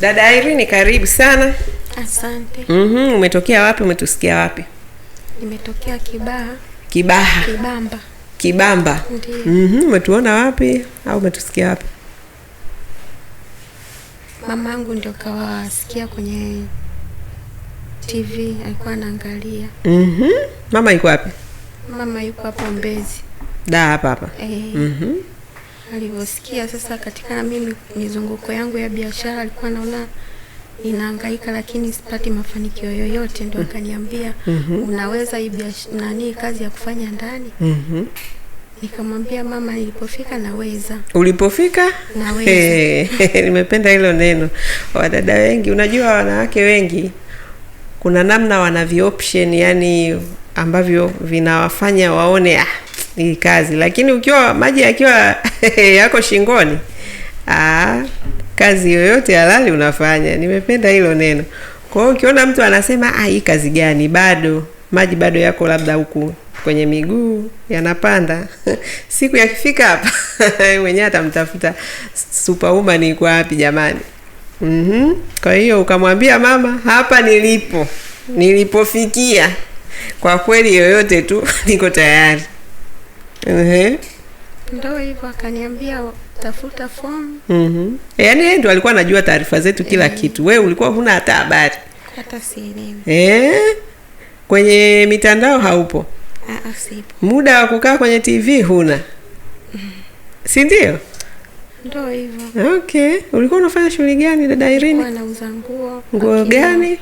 Dada Irene karibu sana. Asante. Mm-hmm. Umetokea wapi? Umetusikia wapi? Nimetokea Kibaha. Kibaha. Kibamba. Kibamba. Mm-hmm. Umetuona wapi au umetusikia wapi? yangu ndio kawasikia kwenye TV alikuwa anaangalia. Mm-hmm. Mama yuko wapi? Mama yuko hapo Mbezi. Da hapa hapa. Eh. Mm-hmm alivyosikia sasa katika mimi mizunguko yangu ya biashara, alikuwa naona ninahangaika lakini sipati mafanikio yoyote, ndio akaniambia mm -hmm. unaweza hii nani kazi ya kufanya ndani mm -hmm. Nikamwambia mama, nilipofika naweza. Ulipofika naweza. Hey, hey, nimependa hilo neno. Wadada wengi, unajua wanawake wengi kuna namna wana vioption, yani ambavyo vinawafanya waone ah ni kazi, lakini ukiwa maji yakiwa yako shingoni, aa, kazi yoyote halali unafanya. Nimependa hilo neno. Kwa hiyo ukiona mtu anasema ah, hii kazi gani, bado maji bado yako labda huku kwenye miguu yanapanda, siku yakifika hapa mwenyewe atamtafuta superwoman iko wapi jamani? mm -hmm. Kwa hiyo ukamwambia mama, hapa nilipo nilipofikia, kwa kweli yoyote tu niko tayari. Ehe. Ndio hivyo akaniambia tafuta fomu. Mhm. Yaani yeye ndio alikuwa anajua taarifa zetu kila ehe, kitu. Wewe ulikuwa huna hata habari. Hata sielewi. Eh? Kwenye mitandao haupo. Aa, ah, ah, sipo. Muda wa kukaa kwenye TV huna. Mm. Si ndio? Ndio hivyo. Okay. Ulikuwa unafanya shughuli gani dada Irene? Nauza nguo. Nguo gani?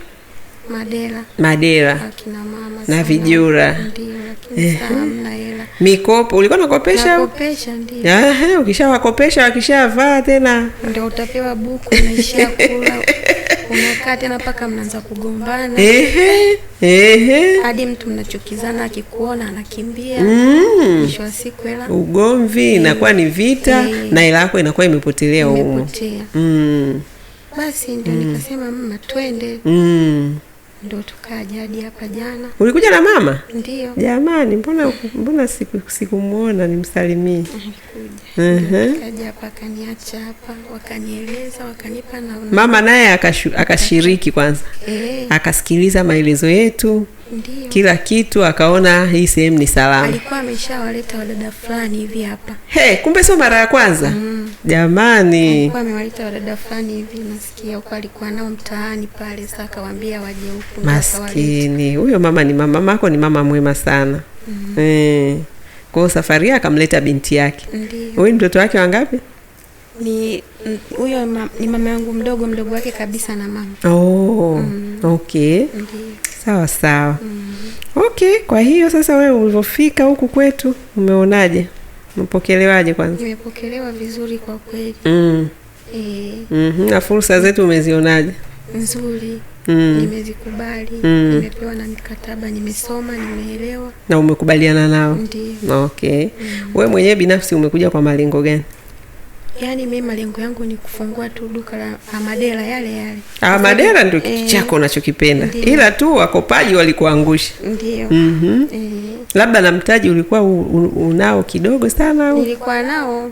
Madera. Madera. Akina mama. Na vijura. Ndio, lakini eh. Mikopo ulikuwa unakopesha? Nakopesha ndio. Aha, ukishawakopesha wakishavaa tena ndio utapewa buku unaishia kula. Unakaa tena mpaka mnaanza kugombana. Ehe. Ehe. Hadi mtu mnachukizana akikuona anakimbia. Mm. Mwisho wa siku hela. Ugomvi eh. inakuwa ni vita ehe, na hela yako inakuwa imepotelea huko. Imepotea. Mm. Basi ndio mm, nikasema mama twende. Mm ndio tukaja hadi hapa jana. Ulikuja na mama? Ndio. Jamani, mbona mbona sikumwona nimsalimie? Nilikuja hapa akaniacha hapa, wakanieleza wakanipa na mama naye akashiriki kwanza eh. akasikiliza maelezo yetu Ndiyo. Kila kitu akaona hii sehemu ni salama. Alikuwa ameshawaleta wadada fulani hivi hapa. Hey, kumbe sio mara ya kwanza. Mm. Jamani. Alikuwa amewaleta wadada fulani hivi nasikia huko alikuwa nao mtaani pale sasa akawaambia waje huku. Maskini. Huyo mama ni mama mako ni mama mwema sana. Mm. Eh. Kwa hiyo safari akamleta binti yake. Huyu mtoto wake wangapi? Ni huyo ma, ni mama yangu mdogo mdogo wake kabisa na mama. Oh. Mm. Okay. Ndiyo sawa sawa. mm. Okay, kwa hiyo sasa wewe ulivyofika huku kwetu umeonaje? Umepokelewaje? Kwanza nimepokelewa vizuri kwa kweli. mm. E, mm -hmm. Na fursa zetu umezionaje? Nzuri. mm. Nimezikubali. mm. Nimepewa na mikataba, nimesoma, nimeelewa na umekubaliana nao. Okay. mm. Wewe mwenyewe binafsi umekuja kwa malengo gani? Yani mimi malengo yangu ni kufungua tu duka la Amadela yale yale. Amadela ndio eh. kitu chako unachokipenda, ila tu wakopaji walikuangusha. Ndio. mm -hmm. E. Labda na mtaji ulikuwa unao kidogo sana au? Nilikuwa nao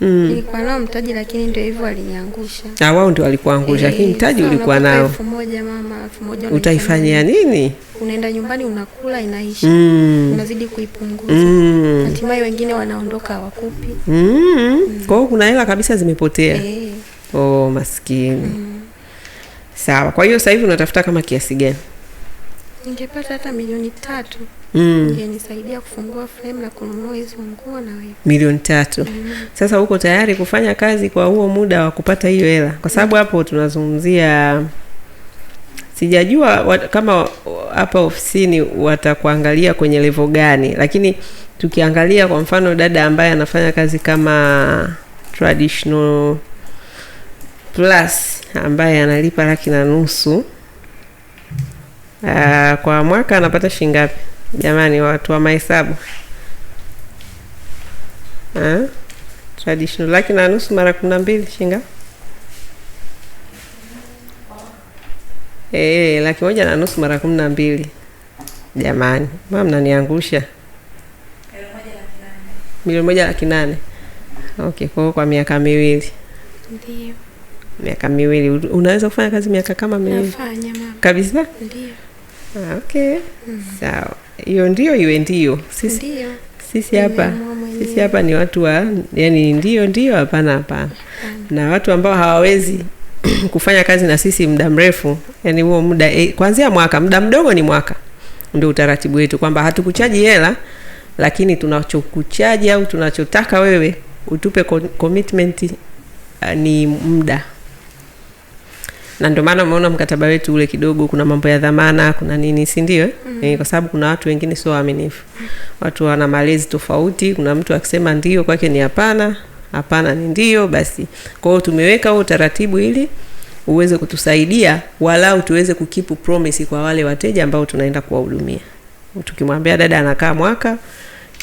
Mm. Nilikuwa nao mtaji lakini ndio hivyo aliniangusha. Ah, wao ndio walikuangusha eh, lakini e, mtaji ulikuwa nao. Elfu moja mama, elfu moja utaifanyia nini? Unaenda nyumbani unakula inaisha. Mm. Unazidi kuipunguza. Mm. Hatimaye wengine wanaondoka hawakupi. Mm. Mm. Kwa hiyo kuna hela kabisa zimepotea. E. Oh, maskini. Mm. Sawa. Kwa hiyo sasa hivi unatafuta kama kiasi gani? Ningepata hata milioni tatu mm. nisaidia kufungua frame na kununua hizo nguo na wewe milioni tatu mm. Sasa uko tayari kufanya kazi kwa huo muda wa kupata hiyo hela, kwa sababu mm. hapo tunazungumzia sijajua wat, kama hapa ofisini watakuangalia kwenye levo gani, lakini tukiangalia kwa mfano dada ambaye anafanya kazi kama traditional plus ambaye analipa laki na nusu, uh, kwa mwaka anapata shilingi ngapi? Jamani, watu wa mahesabu traditional laki na nusu mara kumi na mbili shinga e, laki moja na nusu mara kumi na mbili Jamani, ma mnaniangusha. Milioni moja laki nane. Okay, kwa kwa miaka miwili. Ndiyo. Miaka miwili unaweza kufanya kazi miaka kama miwili? Kabisa? Ndiyo. Ah, okay. Mm. Sawa hiyo ndio iwe ndio. Sisi ndio. Sisi hapa sisi hapa ni watu wa yani, ndio ndio, hapana hapana. Na watu ambao hawawezi kufanya kazi na sisi muda mrefu, yani huo muda eh, kuanzia mwaka, muda mdogo ni mwaka, ndio utaratibu wetu kwamba hatukuchaji hela, lakini tunachokuchaji au tunachotaka wewe utupe commitment uh, ni muda na ndio maana umeona mkataba wetu ule kidogo kuna mambo ya dhamana, kuna nini, si ndio? mm -hmm. E, kwa sababu kuna watu wengine sio waaminifu, watu wana malezi tofauti. Kuna mtu akisema ndio kwake ni hapana, hapana ni ndio. Basi kwa hiyo tumeweka huo utaratibu ili uweze kutusaidia walau tuweze kukipu promise kwa wale wateja ambao tunaenda kuwahudumia. Tukimwambia dada anakaa mwaka,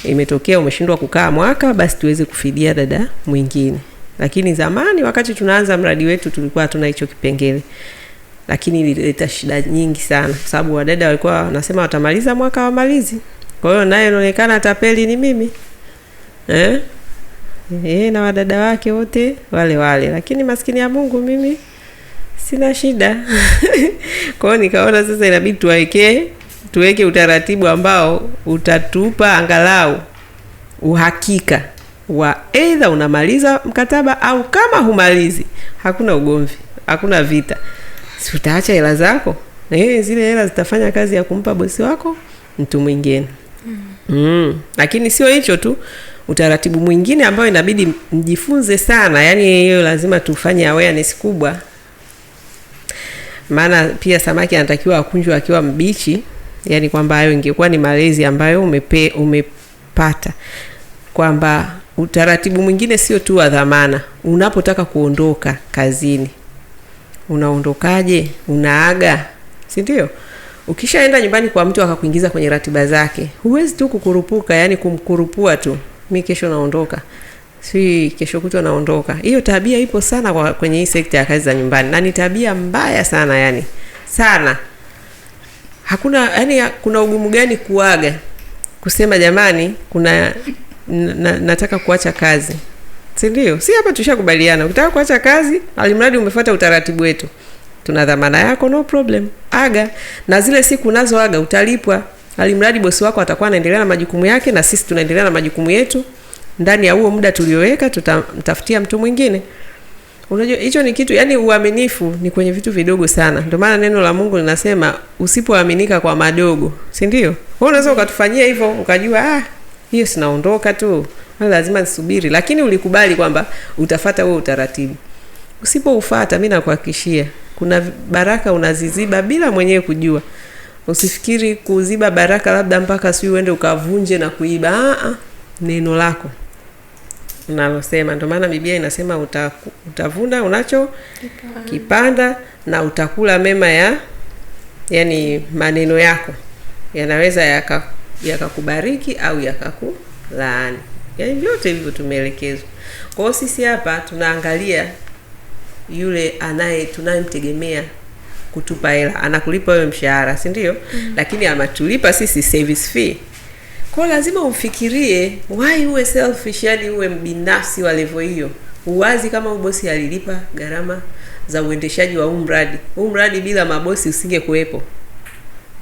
imetokea umeshindwa kukaa mwaka, basi tuweze kufidia dada mwingine. Lakini zamani wakati tunaanza mradi wetu tulikuwa hatuna hicho kipengele, lakini ilileta shida nyingi sana, kwa sababu wadada walikuwa wanasema watamaliza mwaka wamalizi. Kwa hiyo naye inaonekana tapeli ni mimi eh? E, na wadada wake wote wale wale, lakini maskini ya Mungu mimi sina shida kwa hiyo nikaona sasa inabidi tuwawekee tuweke utaratibu ambao utatupa angalau uhakika wa aidha unamaliza mkataba au kama humalizi, hakuna ugomvi, hakuna vita, si utaacha hela zako na yeye, zile hela zitafanya kazi ya kumpa bosi wako mtu mwingine mm. Mm. Lakini sio hicho tu, utaratibu mwingine ambayo inabidi mjifunze sana, yani hiyo lazima tufanye awareness kubwa, maana pia samaki anatakiwa akunjwe akiwa mbichi, yani kwamba hayo ingekuwa ni malezi ambayo umepe, umepata kwamba utaratibu mwingine sio tu wa dhamana. Unapotaka kuondoka kazini, unaondokaje? Unaaga, si ndio? Ukishaenda nyumbani kwa mtu akakuingiza kwenye ratiba zake, huwezi tu kukurupuka, yani kumkurupua tu, mi kesho naondoka, si kesho kutwa naondoka. Hiyo tabia ipo sana kwa kwenye hii sekta ya kazi za nyumbani, na ni tabia mbaya sana, yani sana. Hakuna yani, kuna ugumu gani kuaga, kusema jamani, kuna na, nataka kuacha kazi, si ndio? Si hapa tushakubaliana, ukitaka kuacha kazi, alimradi umefuata utaratibu wetu, tuna dhamana yako, no problem. Aga na zile siku nazo aga, utalipwa alimradi bosi wako atakuwa anaendelea na majukumu yake na sisi tunaendelea na majukumu yetu. Ndani ya huo muda tulioweka, tutamtafutia mtu mwingine. Unajua hicho ni kitu yani, uaminifu ni kwenye vitu vidogo sana. Ndio maana neno la Mungu linasema usipoaminika kwa madogo, si ndio? Wewe unaweza ukatufanyia hivyo ukajua ah hiyo sinaondoka tu, yaani lazima nisubiri. Lakini ulikubali kwamba utafata huo utaratibu. Usipoufata, mi nakuhakikishia kuna baraka unaziziba bila mwenyewe kujua. Usifikiri kuziba baraka labda mpaka siu uende ukavunje na kuiba. Aa, neno lako nalosema maana inasema uta, utavuna unacho kipanda, kipanda na utakula mema ya yani maneno yako yanaweza yaka yakakubariki au yakakulaani. Yaani vyote hivyo tumeelekezwa. kwao sisi hapa tunaangalia yule anaye tunayemtegemea kutupa hela, anakulipa huyo mshahara, si ndio? Mm. hmm Lakini anatulipa sisi service fee. Kwa lazima umfikirie, wai uwe selfish, yani uwe mbinafsi wa levo hiyo. Uwazi kama huu bosi alilipa gharama za uendeshaji wa huu mradi. Huu mradi bila mabosi usingekuwepo.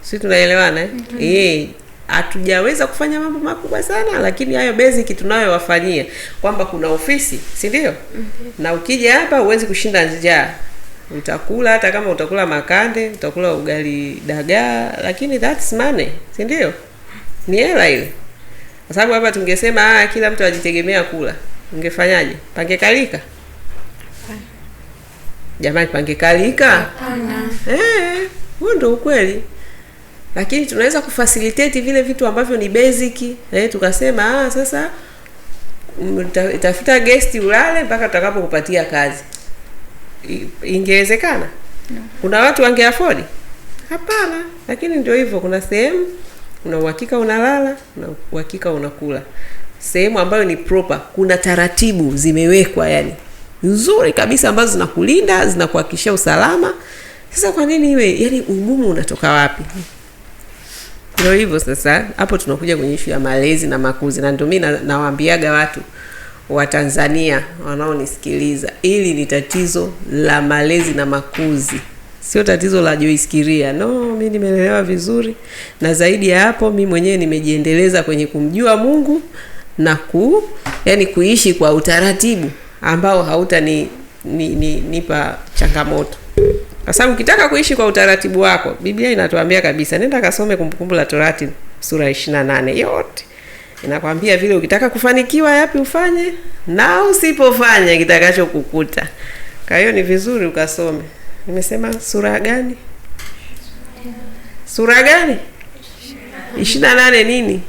si tunaelewana eh? Mm -hmm hatujaweza kufanya mambo makubwa sana, lakini hayo basic tunayowafanyia kwamba kuna ofisi, si ndio? mm -hmm. na ukija hapa huwezi kushinda njaa, utakula hata kama utakula makande, utakula ugali dagaa, lakini that's money, si ndio? Ni hela ile, kwa sababu hapa tungesema ah, kila mtu ajitegemea kula, ungefanyaje? Pangekalika jamani, pangekalika. Hapana, eh, ndio ukweli lakini tunaweza kufasilitate vile vitu ambavyo ni basic eh, tukasema ah, sasa mm, tafuta guest ulale mpaka utakapokupatia kazi. Ingewezekana? no. kuna watu wangeafodi? Hapana, lakini ndio hivyo. Kuna sehemu una uhakika unalala, una uhakika unakula, sehemu ambayo ni proper. Kuna taratibu zimewekwa yani nzuri kabisa ambazo zinakulinda zinakuhakikishia usalama. Sasa kwa nini iwe yani, ugumu unatoka wapi? Ndio hivyo sasa, hapo tunakuja kwenye ishu ya malezi na makuzi, na ndio mimi nawaambiaga na watu wa Tanzania wanaonisikiliza, ili ni tatizo la malezi na makuzi, sio tatizo la joiskiria No, mi nimeelewa vizuri, na zaidi ya hapo, mi mwenyewe nimejiendeleza kwenye kumjua Mungu na ku, yani kuishi kwa utaratibu ambao hauta ni, ni, ni, nipa changamoto kwa sababu ukitaka kuishi kwa utaratibu wako, Biblia inatuambia kabisa, nenda kasome Kumbukumbu la Torati sura 28 yote inakwambia vile ukitaka kufanikiwa yapi ufanye na usipofanya kitakacho kukuta. Kwa hiyo ni vizuri ukasome. Nimesema sura gani? Sura gani? 28 nini?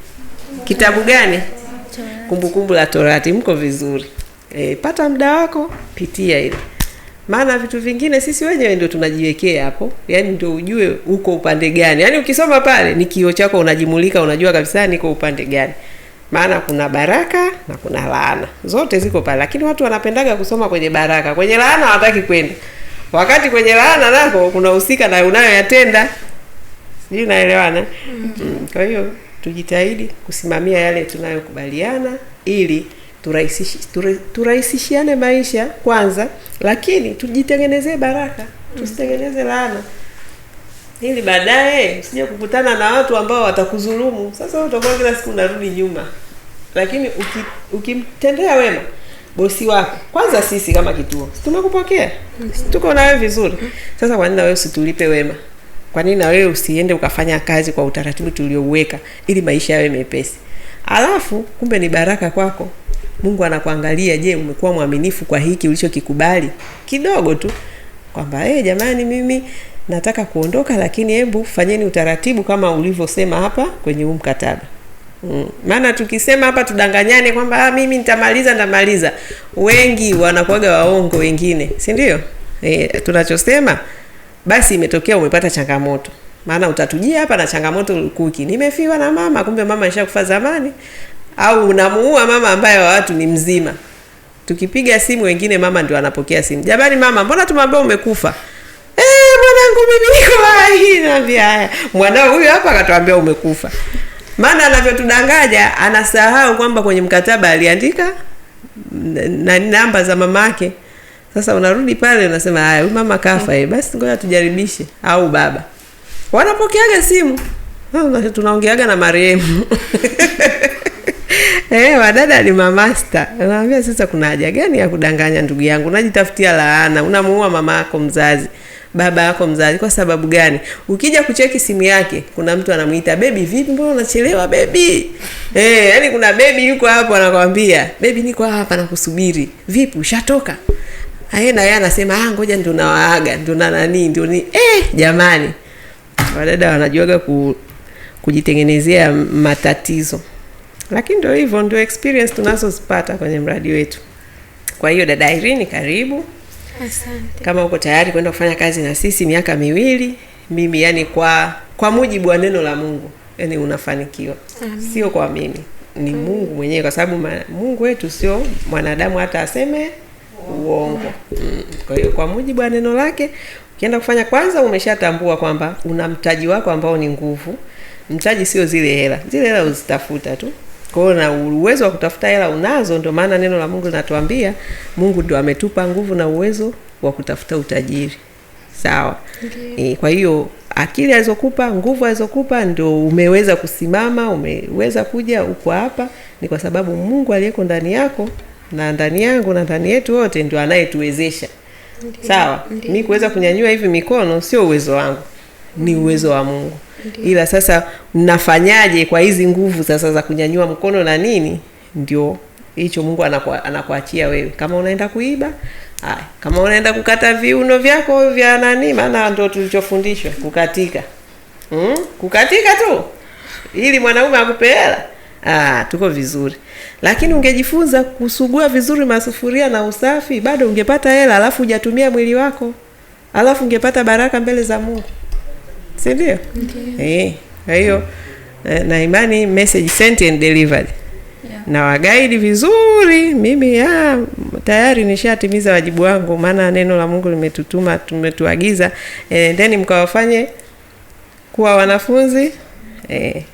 Kitabu gani? Kumbukumbu la Torati. Mko vizuri. E, pata muda wako, pitia ile maana vitu vingine sisi wenyewe ndio tunajiwekea hapo, yaani ndio ujue uko upande gani. Yaani ukisoma pale ni kio chako, unajimulika, unajua kabisa niko upande gani, maana kuna baraka na kuna laana, zote ziko pale, lakini watu wanapendaga kusoma kwenye baraka, kwenye laana hawataki kwenda, wakati kwenye laana nako kunahusika na unayoyatenda. Sijui naelewana? mm -hmm. Kwa hiyo tujitahidi kusimamia yale tunayokubaliana ili turahisishiane maisha kwanza, lakini tujitengenezee baraka, tusitengeneze lana ili baadaye usije kukutana na watu ambao watakuzulumu Sasa utakuwa kila siku unarudi nyuma, lakini ukimtendea uki wema bosi wako kwanza, sisi kama kituo tumekupokea tuko na vizuri. Sasa kwanini nini usitulipe wema? Kwa nini na wewe usiende ukafanya kazi kwa utaratibu tuliouweka, ili maisha yawe mepesi, alafu kumbe ni baraka kwako. Mungu anakuangalia, je, umekuwa mwaminifu kwa hiki ulichokikubali? Kidogo tu kwamba eh, jamani, mimi nataka kuondoka, lakini hebu fanyeni utaratibu kama ulivyosema hapa kwenye huu mkataba. Mm. Maana tukisema hapa tudanganyane kwamba ah, mimi nitamaliza nitamaliza, wengi wanakuaga waongo wengine, si ndio? E, tunachosema basi, imetokea umepata changamoto maana utatujia hapa na changamoto lukuki. Nimefiwa na mama, kumbe mama ishakufa zamani au unamuua mama ambaye wa watu ni mzima. Tukipiga simu wengine mama ndio anapokea simu. Jamani mama, mbona tumwambia umekufa? Eh, mwanangu mimi niko hai naambia haya. Mwanao huyu hapa akatuambia umekufa. Maana anavyotudanganya anasahau kwamba kwenye mkataba aliandika na namba za mama yake Sasa unarudi pale unasema haya, huyu mama kafa eh, basi ngoja tujaribishe au baba. Wanapokeaga simu. Ah, tunaongeaga na marehemu. Eh, wadada ni mamasta. Anaambia sasa kuna haja gani ya kudanganya ndugu yangu? Unajitafutia laana, unamuua mama yako mzazi, baba yako mzazi kwa sababu gani? Ukija kucheki simu yake, kuna mtu anamuita, "Baby, vipi mbona unachelewa baby?" Eh, yani kuna baby yuko hapo anakwambia, "Baby, niko hapa nakusubiri." Vipi ushatoka? Aye, na yeye anasema, "Ah, ngoja ndio nawaaga, ndio na nani, ndio ni." Eh, jamani. Wadada wanajuaga ku, kujitengenezea matatizo lakini ndio hivyo, ndio experience tunazozipata kwenye mradi wetu. Kwa hiyo dada Irene, karibu. Asante. Kama uko tayari kwenda kufanya kazi na sisi miaka miwili, mimi yani kwa kwa mujibu wa neno la Mungu, yani unafanikiwa. Amin. Sio kwa mimi, ni Amin. Mungu mwenyewe, kwa sababu Mungu wetu sio mwanadamu hata aseme uongo. Mm. Kwa hiyo kwa mujibu wa neno lake ukienda kufanya, kwanza umeshatambua kwamba una mtaji wako ambao ni nguvu. Mtaji sio zile hela, zile hela uzitafuta tu kwa hiyo na uwezo wa kutafuta hela unazo, ndio maana neno la Mungu linatuambia Mungu ndio ametupa nguvu na uwezo wa kutafuta utajiri. Sawa. Okay. E, kwa hiyo akili alizokupa, nguvu alizokupa, ndio umeweza kusimama, umeweza kuja, uko hapa, ni kwa sababu Mungu aliyeko ndani yako na ndani yangu na ndani yetu wote ndio anayetuwezesha. Sawa. Mi kuweza kunyanyua hivi mikono sio uwezo wangu, ni uwezo wa Mungu. Ndiyo. Ila sasa mnafanyaje kwa hizi nguvu sasa za kunyanyua mkono na nini, ndio hicho Mungu anakuwa, anakuachia wewe kama unaenda kuiba Hai, kama unaenda kukata viuno vyako vya nani, maana ndio tulichofundishwa kukatika mm? kukatika tu ili mwanaume akupe hela ah, tuko vizuri, lakini ungejifunza kusugua vizuri masufuria na usafi, bado ungepata hela, alafu hujatumia mwili wako, alafu ungepata baraka mbele za Mungu sindio eh, kwa hiyo eh, na imani message sent and delivered na wagaidi vizuri. Mimi ya, ah, tayari nishatimiza wajibu wangu, maana neno la Mungu limetutuma tumetuagiza, e, then mkawafanye kuwa wanafunzi e.